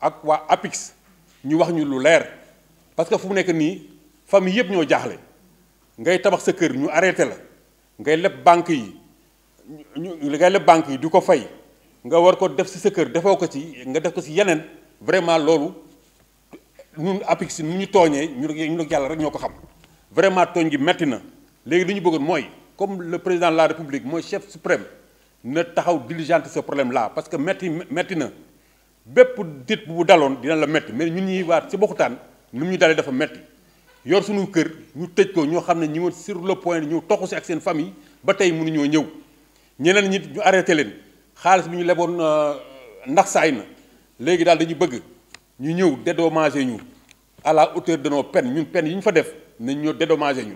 ak quoi APIX ñu wax ñu parce que fu mu nekk nii famille ñoo ngay tabax sa arrêté la ngay banque yi ñu banque du fay nga war ko def sa ko ci nga def vraiment loolu ñun APIX ñu tooñee ñu ñu rek vraiment tooñ gi metti na léegi li comme le président de la république mooy chef suprême na taxaw diligente ce problème là parce que metti bépp dit bu daloon dina la metti mais ñun ñuy waat ci bokkutaan lu mu ñu dalee dafa metti yor suñu kër ñu tëj ko ñoo xam ne ñi woon sur le point ñu toxu si ak seen famille ba tey mënuñoo ñëw ñeneen ñi ñu arrêté leen xaalis bi ñu leboon euh, ndax saay na léegi daal dañu bëgg ñu ñëw dédommagé ñu à la hauteur de nos peines ñun peines yi ñu fa def nañ ñoo dédommagé ñu